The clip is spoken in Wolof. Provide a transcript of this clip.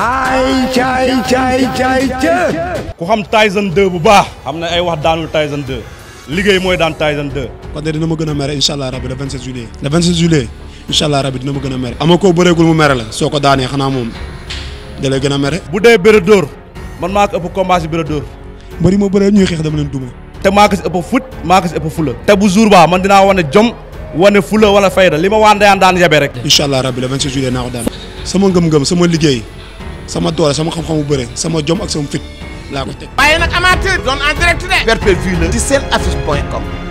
ay caay caay caay caay ku xam Tyson 2 bu baax xam ne ay wax daanul Tyson 2 liggéey mooy daan Tyson 2 kon de dina ma gën a mere incha allah rabi le 27 juillet le 27 juillet incha allah rabi dina ma gën a mere ama koo bëreegul mu mere la soo ko daanee xanaa moom da gën a mere bu dee bëre dóor man maa ko ëpp combat si bëre dóor mbëri bëree ñuy xeex dama leen duma te maa ko si ëpp fut maa ko fula te bu jour ba man dinaa wane jom wane fula wala fayda li ma waan dayaan daan yebe rek incha allah rabi le 27 juillet naa ko daan sama ngëm sama liggéey sama doole sama xam-xamu bëre sama jom ak sama fit laa ko teg. waaye nag amateur doon en direct de. perpétuel la ci seen affiche point com.